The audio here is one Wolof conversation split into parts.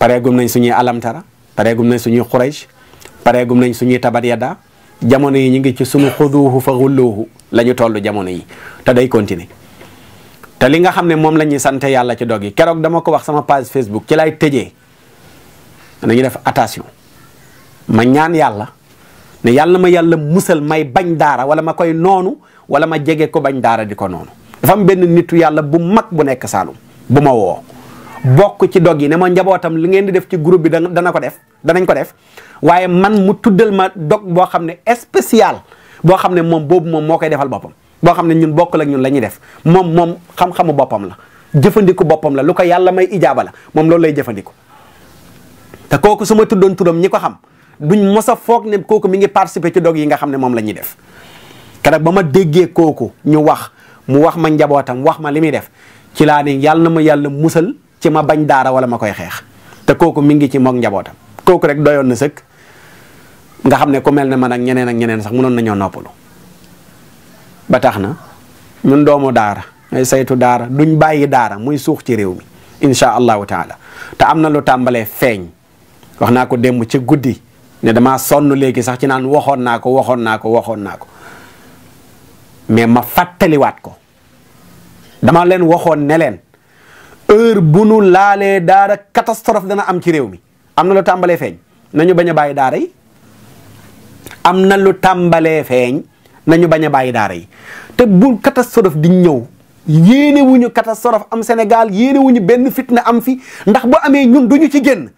pareegum nañ suñuy alamtara pareegum nañ suñu xuraysh pareegum nañ suñuy tabat yadda jamono yi ñu ngi ci suñu xuduuhu fa xulluuhu la ñu toll jamono yi te day continuer te li nga xam ne moom la ñuy sante yàlla ci dog yi keroog dama ko wax sama page Facebook ci lay tëjee nañu def attention ma ñaan yàlla ne yàlla ma yàlla musal may bañ daara wala ma koy noonu wala ma jege ko bañ daara di ko noonu dafa am benn yàlla bu mag bu nekk Saalum bu ma woo bokk ci dog yi ne ma njabootam li ngeen di def ci group bi dana ko def danañ ko def waaye man mu tuddal ma dog boo xam ne spécial boo xam ne moom boobu moom moo koy defal boppam boo xam ne ñun bokk ak ñun la ñuy def moom moom xam la jëfandiku boppam la lu ko yàlla may ijaaba la moom loolu lay jëfandiku te kooku su ma tuddoon turam ñi ko xam duñ mos foog ne kooku mi ngi participer ci dog yi nga xam ne moom la ñuy def keroog ba ma déggee kooku ñu wax mu wax ma njabootam wax ma li muy def ci laa ne na ma yàlla musal ci ma bañ daara wala ma koy xeex te kooku mi ngi ci moog njabootam kooku rek doyoon na sëkk nga xam ne ku mel ne man ak ñeneen ak ñeneen sax mënoon nañoo noppalu ba tax na ñun doomu daara ay saytu daara duñ bàyyi daara muy suux ci réew mi incha allahu taala te am na lu tàmbalee feeñ wax naa ko démb ci guddi ne damaa sonn léegi sax ci naan waxoon naa ko waxoon naa ko waxoon naa ko mais ma fàttaliwaat ko dama leen waxoon ne leen. heure bu nu laalee daara catastrophe dana am ci réew mi am na lu tàmbalee feeñ nañu bañ a bàyyi daara yi am na lu tàmbalee feeñ nañu bañ a bàyyi daara yi te bu catastrophe di ñëw yéene wuñu catastrophe am Sénégal yéene wuñu benn fitna am fi ndax bu amee ñun duñu ci génn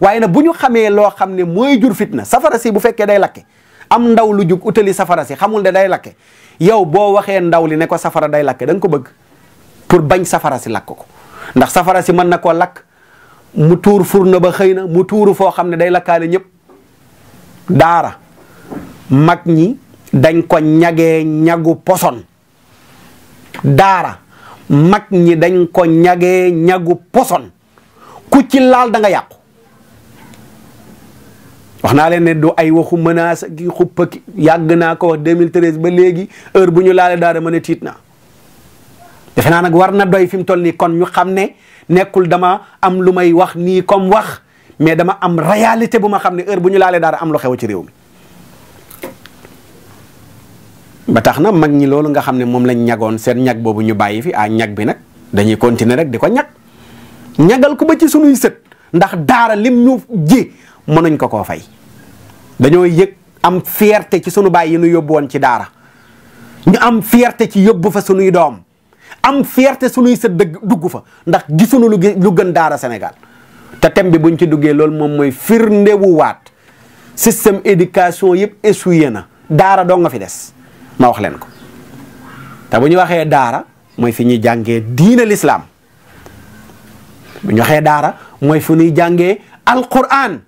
waaye nag bu ñu xamee loo xam ne mooy jur fitna safara si bu fekkee day lakke am ndaw lu jug utali safara si xamul da day lakke yow boo waxee ndaw li ne ko safara day lakke da ko bëgg pour bañ safara si lakk ndax safara si mën na koo lakk mu tuur furna ba xëy na mu tuuru foo xam ne day lakkaale ñépp daara mag ñi dañ ko ñage ñagu poson daara mag ñi dañ ko ñage ñagu poson ku ci laal da yàqu wax naa leen ne du ay waxu menace ki xuppa ki yàgg naa ko wax 2013 ba léegi heure bu ñu laale daara mën ne tiit na defe nag war na doy fi mu toll nii kon ñu xam ne nekkul dama am lu may wax nii comme wax mais dama am réalité bu ma xam ne heure bu ñu laalee dara am lu xew ci réew mi ba tax na mag ñi loolu nga xam ne moom lañ ñagoon seen ñag boobu ñu bàyyi fi ah ñag bi nag dañuy continuer rek di ko ñag ñagal ko ba ci sunuy sët ndax daara lim ñu ji mënuñ ko koo fay dañoo yëg am fierté ci sunu baay yi yóbbu woon ci daara ñu am fierté ci yóbbu fa sunuy doom am fierté suñuy sët dëgg dugg fa ndax gisuñu lu lu gën daara Sénégal te thème bi buñ ci duggee loolu moom mooy waat système éducation yëpp essuyé na daara doo nga fi des ma wax leen ko te bu ñu waxee daara mooy fi ñuy jàngee diina lislaam bu ñu waxee daara mooy fu nuy jàngee alquran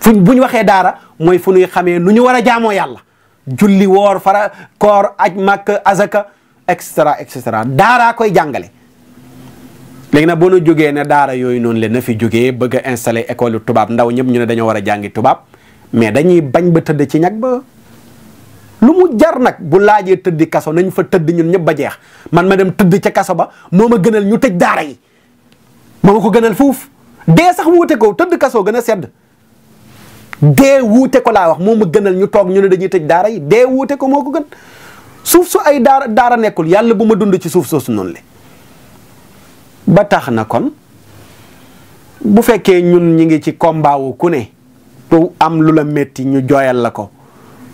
fu bu waxee daara mooy fu nuy xamee nu ñu war a jaamoo yàlla julli woor fara koor aj màkk azaka et cetera et cetera daaraa koy jàngale. léegi nag boo na jógee ne daara yooyu noonu leen na fi jógee bëgg a installé école tubaab ndaw ñëpp ñu ne dañoo war a jàngi tubaab mais dañuy bañ ba tëdd ci ñag ba lu mu jar nag bu laajee tëdd kaso nañ fa tëdd ñun ñëpp ba jeex man ma dem tëdd ca kaso ba moo ma gënal ñu tëj daara yi moo ma ko gënal fuuf dee sax wuute ko tëdd kasoo gën a sedd dee wuute ko laa wax moo ma gënal ñu toog ñu ne dañuy tëj daara yi dee wuute ko moo ko gën suuf su ay daara daara nekkul yàlla bu ma dund ci suuf soosu noonu le ba tax na kon bu fekkee ñun ñi ngi ci combat wu ku ne am lu la métti ñu jooyal la ko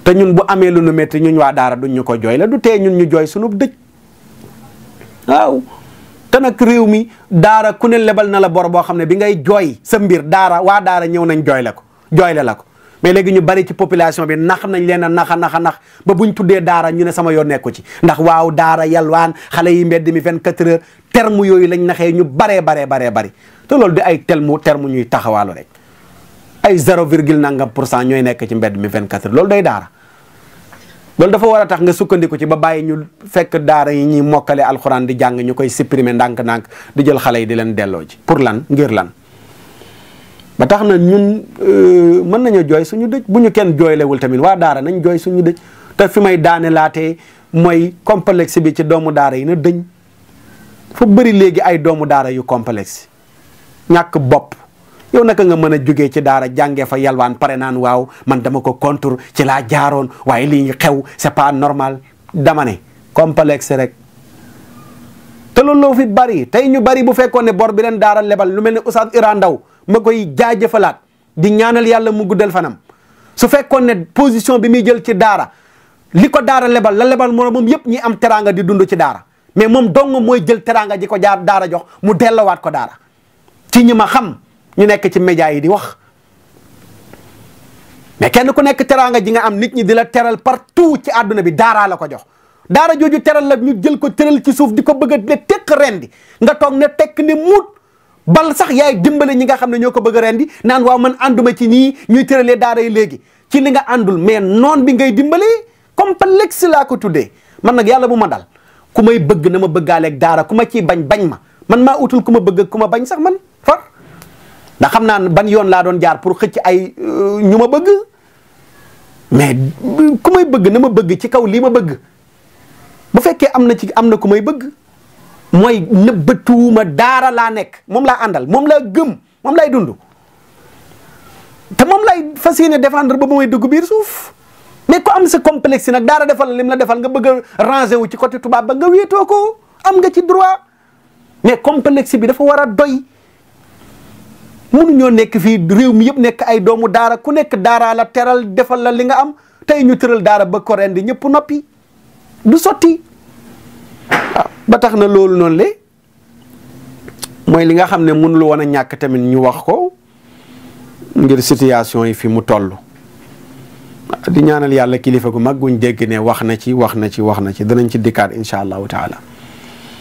te ñun bu amee lu nu métti ñun waa daara duñ ñu ko jooy la du tee ñun ñu jooy sunub dëj waaw te nag réew mi daara ku ne lebal na la boro boo xam ne bi ngay jooy sa mbir daara waa daara ñëw nañ jooy la ko jooyle la ko mais léegi ñu bari ci population bi nax nañ leen a naxa naxa nax ba buñ tuddee daara ñu ne sama yoon nekku ci ndax waaw daara yalwaan xale yi mbedd mi 24 heures terme yooyu lañ naxee ñu baree baree bare bari te loolu de ay telmu terme ñuy taxawaalu rek ay zéro virgule nangam pour cent ñooy nekk ci mbedd mi 24 heures loolu day daara dafa war a tax nga sukkandiku ci ba bàyyi ñu fekk daara yi ñuy mokkale alxuraan di jàng ñu koy supprimer ndànk-ndànk di jël xale yi di leen delloo ji pour lan ngir lan ba tax na ñun euh, mën nañoo jooy suñu dëj bu ñu kenn jooylewul tamit waa daara nañ jooy suñu dëj te fi may daane laate mooy complexe bi ci doomu daara yi na dëñ fa bari léegi ay doomu daara yu complexe ñàkk bopp yow naka nga mën a jógee ci daara jàngee fa yalwaan pare naan waaw man dama ko contour ci laa jaaroon waaye lii xew c'est pas normal dama ne complexe rek te loolu fi bari tey ñu bari bu fekkoon ne bor bi leen daara lebal lu mel ne Oustaz Iran Ndaw ma koy jaajëfalaat di ñaanal yàlla mu guddal fanam su fekkoon ne position bi muy jël ci daara li ko daara lebal la lebal moo moom yëpp ñi am teraanga di dund ci daara mais moom dong mooy jël teraanga ji ko jaar daara jox mu dellowaat ko daara ci ñi ma xam ñu nekk ci média yi di wax mais kenn ku nekk teraanga ji nga am nit ñi di la teral partout ci àdduna bi daaraa la ko jox daara jooju teral la ñu jël ko tëral ci suuf di ko bëgg a ne tekk rendi nga toog ne tekk ne bal sax yaay dimbale ñi nga xam ne ñoo ko bëgg a rendi naan waaw man ànduma ci nii ñuy tëralee daara yi léegi ci li nga àndul mais noon bi ngay dimbale si laa ko tuddee man nag yàlla bu ma dal ku may bëgg na ma bëggaaleeg daara ku ma ciy bañ bañ ma man maa utul ku ma bëgg ku ma bañ sax man far ndax xam naa ban yoon laa doon jaar pour xëcc ay euh, ñu ma bëgg mais ku may bëgg na ma bëgg ci kaw lii ma bëgg bu fekkee am na ci am na ku may bëgg mooy nëbbatuwuma daara laa nekk moom laa àndal moom laa gëm moom lay dund te moom lay fas yéene défendre ba mooy dugub biir suuf mais ku am sa complexe nag daara defal lim la defal nga bëgg a wu ci côté tubaab ba nga wéetoo ko am nga ci droit mais complexe bi dafa war a doy mënuñoo nekk fii réew mi yëpp nekk ay doomu daara ku nekk daara la teral defal la li nga am tey ñu tëral daara ba ko rendi ñëpp noppi du sotti. waaw ba tax na loolu noonu le mooy li nga xam ne mënul woon ñàkk tamit ñu wax ko ngir situation yi fi mu toll. di ñaanal yàlla kilifa gu mag guñ dégg ne wax na ci wax na ci wax na ci danañ ci dikkaat incha allahu taala.